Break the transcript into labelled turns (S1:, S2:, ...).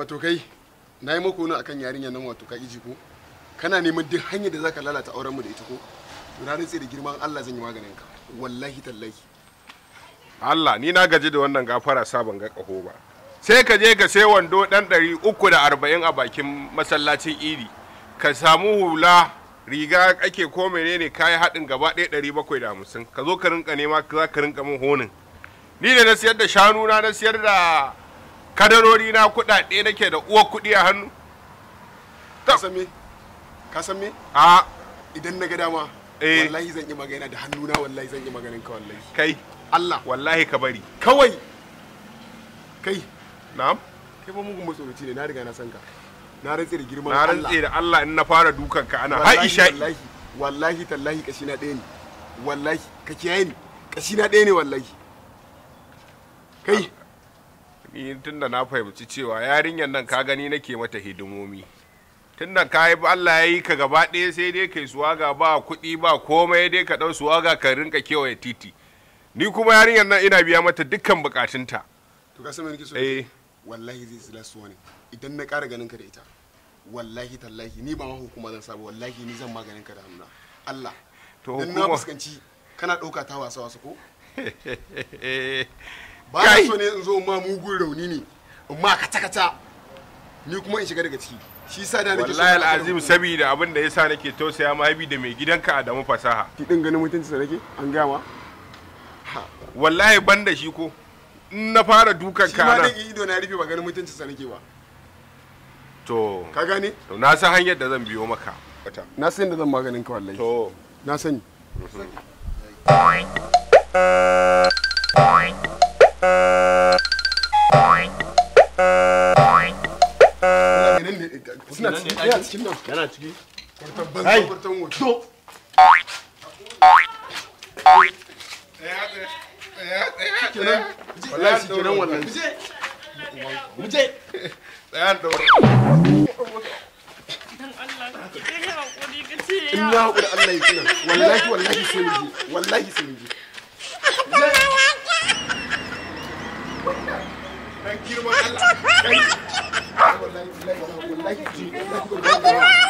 S1: wato kai na yi wani akan yarinya nan wato ka iji ko kana neman duk hanyar da za ka lalata auren mu da ita ko to na rantse da girman Allah zan yi maganin ka wallahi tallahi
S2: Allah ni na gaji da wannan gafara sabon ga kaho ba sai ka je ka sai wando dan ɗari uku da arba'in a bakin masallacin idi ka samu hula riga ake ko menene kayi haɗin gaba ɗaya ɗari bakwai da hamsin ka zo ka rinka nema za ka rinka min honin ni da na siyar da shanu na na siyar da kadarori na kudade
S1: nake da uwa kuɗi a hannu ka san me ka san me a idan na ga dama eh. wallahi zan yi magana da hannuna wallahi zan yi maganin ka wallahi kai Allah wallahi ka bari kawai kai na'am kai ba mugun matsoroci ne na riga na san ka na rantse da girman Allah na rantse da Allah in na fara dukan ka ana Aisha wallahi wallahi tallahi kashi na ɗaya ne wallahi ka kiyaye ni kashi na ɗaya ne wallahi
S2: kai Eh, tunda na fahimci cewa yarinyar nan ka gani nake mata hidimomi tunda ka yi Allah ya yi ka gaba ɗaya sai dai kai suwaga ba kuɗi ba komai dai ka ɗau suwaga ka rinka kewaye titi ni kuma yarinyar nan ina biya mata dukkan bukatunta
S1: to ka sami so eh wallahi zai sila su wani idan na ƙara ganin ka da ita wallahi tallahi ni ba ma hukuma zan saba wallahi ni zan maganin ka da hannuna Allah to hukuma na fuskanci kana ɗauka ta wasa wasa ko ba na so ne in zo ma mugun rauni ne in ma kata kata ni kuma in shiga daga ciki shi sa da nake wallahi alazim
S2: saboda abin da yasa nake tausaya mahaifi da mai gidanka a damu fasaha
S1: ki din ganin mutunci da nake an gama
S2: wallahi ban da shi ko in na fara dukan ka nan shi ma
S1: ido na rufe ba ganin mutunci sa nake ba to ka gane to na san hanyar da zan biyo maka na san da zan maganin ka wallahi to na sani mhm. suna cikin nan yana Allah ya tsina wallahi wallahi sai mu je wallahi Thank you.